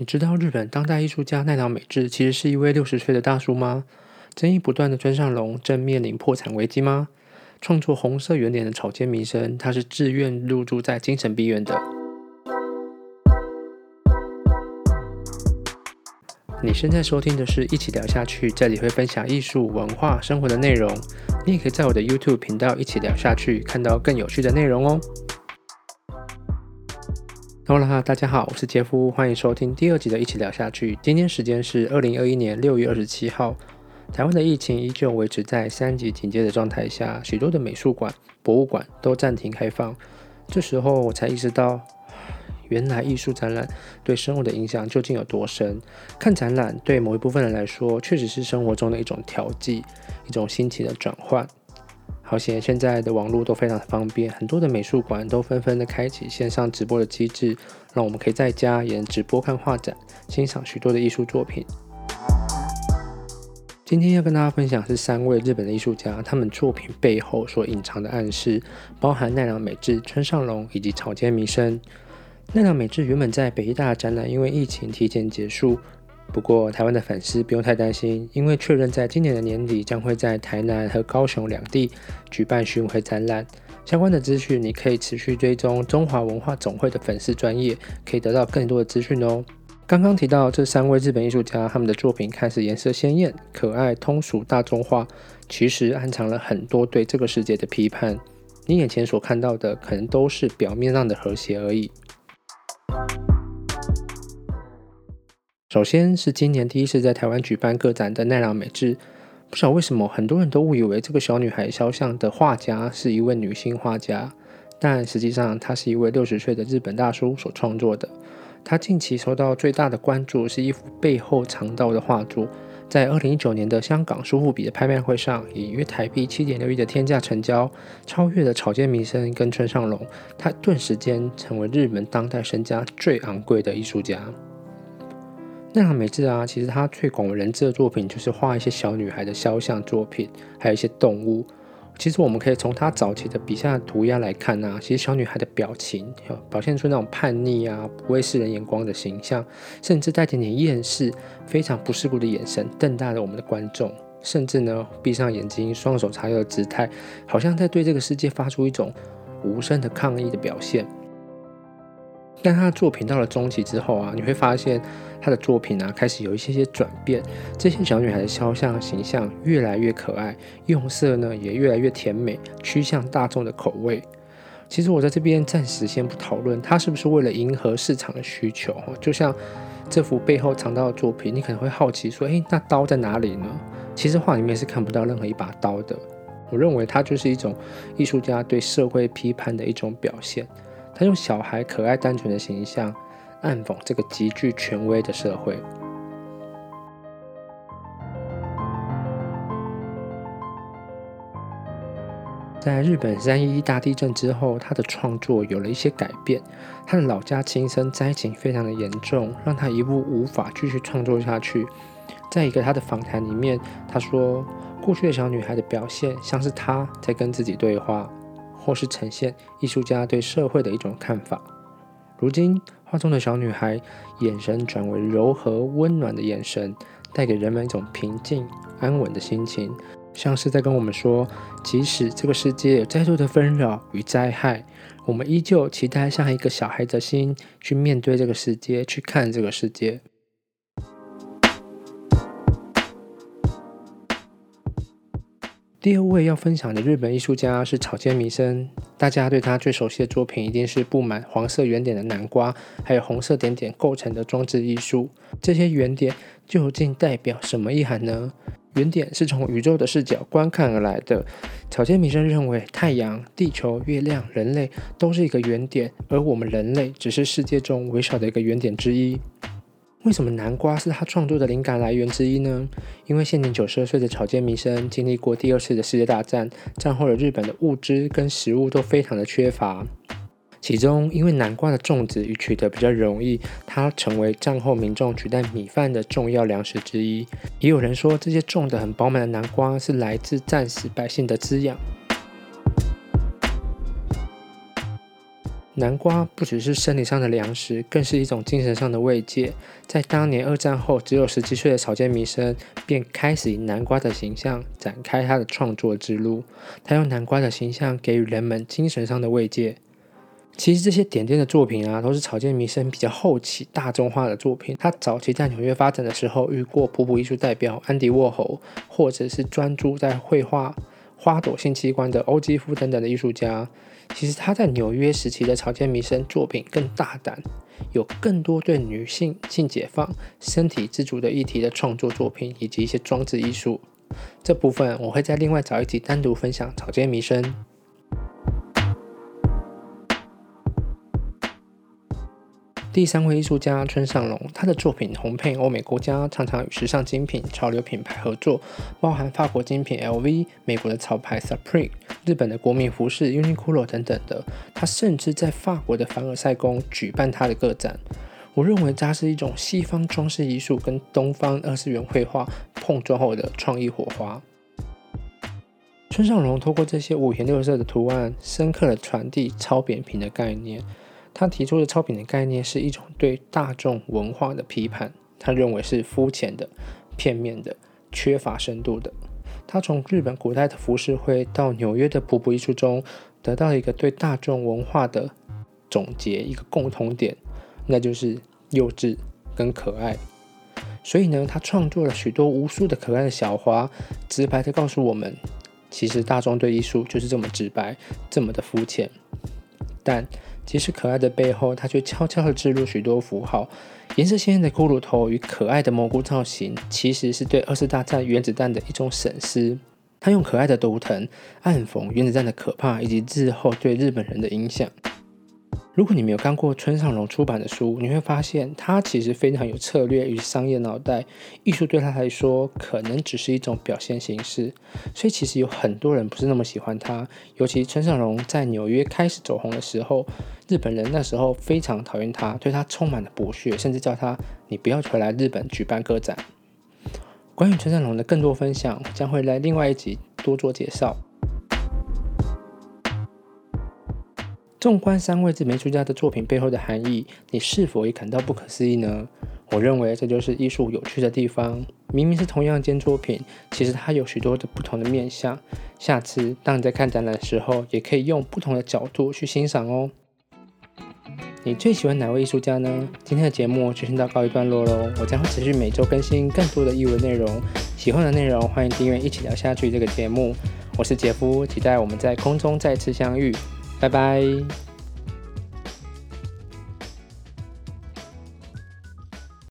你知道日本當代藝術家奈良美智，其實是一位六十歲的大叔嗎？爭議不斷的村上隆正面臨破產危機嗎？創作紅色圓點的草間彌生，她是自願入住在精神病院的。嗯、你現在收聽的是一起聊下去，這裡會分享藝術、文化、生活的內容。你也可以在我的 YouTube 頻道一起聊下去，看到更有趣的內容哦。哈嘍哈，Hola, 大家好，我是傑夫，歡迎收聽第二集的一起聊下去。今天時間是二零二一年六月二十七號，台灣的疫情依舊維持在三級警戒的狀態下，許多的美術館、博物館都暫停開放。這時候我才意識到，原來藝術展覽對生活的影響究竟有多深？看展覽對某一部分人來說，確實是生活中的一種調劑，一種心情的轉換。好像現在的網絡都非常方便，很多的美術館都紛紛的開啟線上直播的機制，讓我們可以在家也能直播看畫展，欣賞許多的藝術作品。今天要跟大家分享的是三位日本的藝術家，他們作品背後所隱藏的暗示，包含奈良美智、村上隆以及草間彌生。奈良美智原本在北藝大展覽，因為疫情提前結束。不過，台灣的粉絲不用太擔心，因為確認在今年的年底將會在台南和高雄兩地舉辦巡迴展覽。相關的資訊你可以持續追蹤中中華文化總會的粉絲專頁，可以得到更多的資訊哦。剛剛提到這三位日本藝術家，他們的作品看似顏色鮮豔、可愛、通俗、大眾化，其實暗藏了很多對這個世界的批判。你眼前所看到的，可能都是表面上的和諧而已。首先是今年第一次在台灣舉辦個展的奈良美智，不知道為什麼很多人都誤以為這個小女孩肖像的畫家是一位女性畫家，但實際上她是一位六十歲的日本大叔所創作的。她近期受到最大的關注是一幅背後藏刀的畫作，在二零一九年的香港蘇富比的拍賣會上，以約台幣七點六億的天價成交，超越了草間彌生跟村上隆，她頓時間成為日本當代身家最昂貴的藝術家。那良美智啊，其實他最廣為人知的作品就是畫一些小女孩的肖像作品，還有一些動物。其實我們可以從他早期的筆下的塗鴉來看呢、啊，其實小女孩的表情表現出那種叛逆啊、不畏世人眼光的形象，甚至帶點點厭世、非常不世故的眼神，瞪大着我們的觀眾，甚至呢閉上眼睛、雙手叉腰的姿態，好像在對這個世界發出一種無聲的抗議的表現。但他的作品到了中期之後啊，你會發現他的作品啊開始有一些些轉變。這些小女孩的肖像形象越來越可愛，用色呢也越來越甜美，趨向大眾的口味。其實我在這邊暫時先不討論他是不是為了迎合市場的需求。就像這幅背後藏刀的作品，你可能會好奇說：“誒，那刀在哪裡呢？”其實畫裡面是看不到任何一把刀的。我認為它就是一種藝術家對社會批判的一種表現。他用小孩可愛單純的形象，暗諷這個極具權威的社會。在日本三一一大地震之後，他的創作有了一些改變。他的老家親身災情非常的嚴重，讓他一度無法繼續創作下去。在一個他的訪談裡面，他說：“過去的小女孩的表現，像是他在跟自己對話。”或是呈現藝術家對社會的一種看法。如今，畫中的小女孩眼神轉為柔和溫暖的眼神，帶給人們一種平靜安穩的心情，像是在跟我們說：即使這個世界有再多的紛擾與災害，我們依舊期待像一個小孩的心去面對這個世界，去看這個世界。第二位要分享的日本藝術家是草間彌生。大家對他最熟悉的作品，一定是布滿黃色圓點的南瓜，還有紅色點點構成的裝置藝術。這些圓點究竟代表什麼意涵呢？圓點是從宇宙的視角觀看而來的。草間彌生認為，太陽、地球、月亮、人類都是一個圓點，而我們人類只是世界中微小的一個圓點之一。為什麼南瓜是他創作的靈感來源之一呢？因為現年九十二歲的草間彌生經歷過第二次的世界大戰，戰後的日本的物資跟食物都非常的缺乏，其中因為南瓜的種植與取得比較容易，它成為戰後民眾取代米飯的重要糧食之一。也有人說，這些種得很飽滿的南瓜是來自戰時百姓的滋養。南瓜不只是生理上的糧食，更是一種精神上的慰藉。在當年二戰後，只有十七歲的草間彌生便開始以南瓜的形象展開他的創作之路。他用南瓜的形象給予人們精神上的慰藉。其實這些點點的作品啊，都是草間彌生比較後期大眾化的作品。他早期在紐約發展的時候，遇過普普藝術代表安迪沃荷，或者是專注在繪畫花朵性器官的歐姬芙等等的藝術家。其實他在紐約時期的草間彌生作品更大膽，有更多對女性性解放、身體自主的議題的創作作品，以及一些裝置藝術。這部分我會再另外找一集單獨分享草間彌生。第三位藝術家村上隆，他的作品紅遍歐美國家，常常與時尚精品、潮流品牌合作，包含法國精品 LV、美國的潮牌 Supreme、日本的國民服飾 Uniqlo 等等的。他甚至在法國的凡爾賽宮舉辦他的個展。我認為，它是一種西方裝飾藝術跟東方二次元繪畫碰撞後的創意火花。村上隆透過這些五顏六色的圖案，深刻地傳遞超扁平的概念。他提出的“超品”的概念，是一種對大眾文化的批判。他認為是膚淺的、片面的、缺乏深度的。他從日本古代的浮世繪到紐約的普普藝術中，得到一個對大眾文化的總結，一個共同點，那就是幼稚跟可愛。所以呢，他創作了許多無數的可愛的小花，直白地告訴我們，其實大眾對藝術就是這麼直白，這麼的膚淺。但其實可愛的背後，它卻悄悄地植入許多符號。顏色鮮豔的骷髏頭與可愛的蘑菇造型，其實是對二次大戰原子彈的一種審視。它用可愛的圖騰暗諷原子彈的可怕以及日後對日本人的影響。如果你沒有看過村上隆出版的書，你會發現他其實非常有策略與商業腦袋，藝術對他來說可能只是一種表現形式。所以其實有很多人不是那麼喜歡他，尤其村上隆在紐約開始走紅的時候，日本人那時候非常討厭他，對他充滿了不屑，甚至叫他“你不要回來日本舉辦個展”。關於村上隆的更多分享，將會在另外一集多做介紹。縱觀三位自藝術家的作品背後的含義，你是否也感到不可思議呢？我認為這就是藝術有趣的地方。明明是同樣一件作品，其實它有許多的不同的面向。下次當你在看展覽的時候，也可以用不同的角度去欣賞哦。你最喜歡哪位藝術家呢？今天的節目就先到告一段落嘍。我將會持續每周更新更多的藝文內容。喜歡的內容歡迎訂閱一起聊下去這個節目。我是傑夫，期待我們在空中再次相遇。拜拜。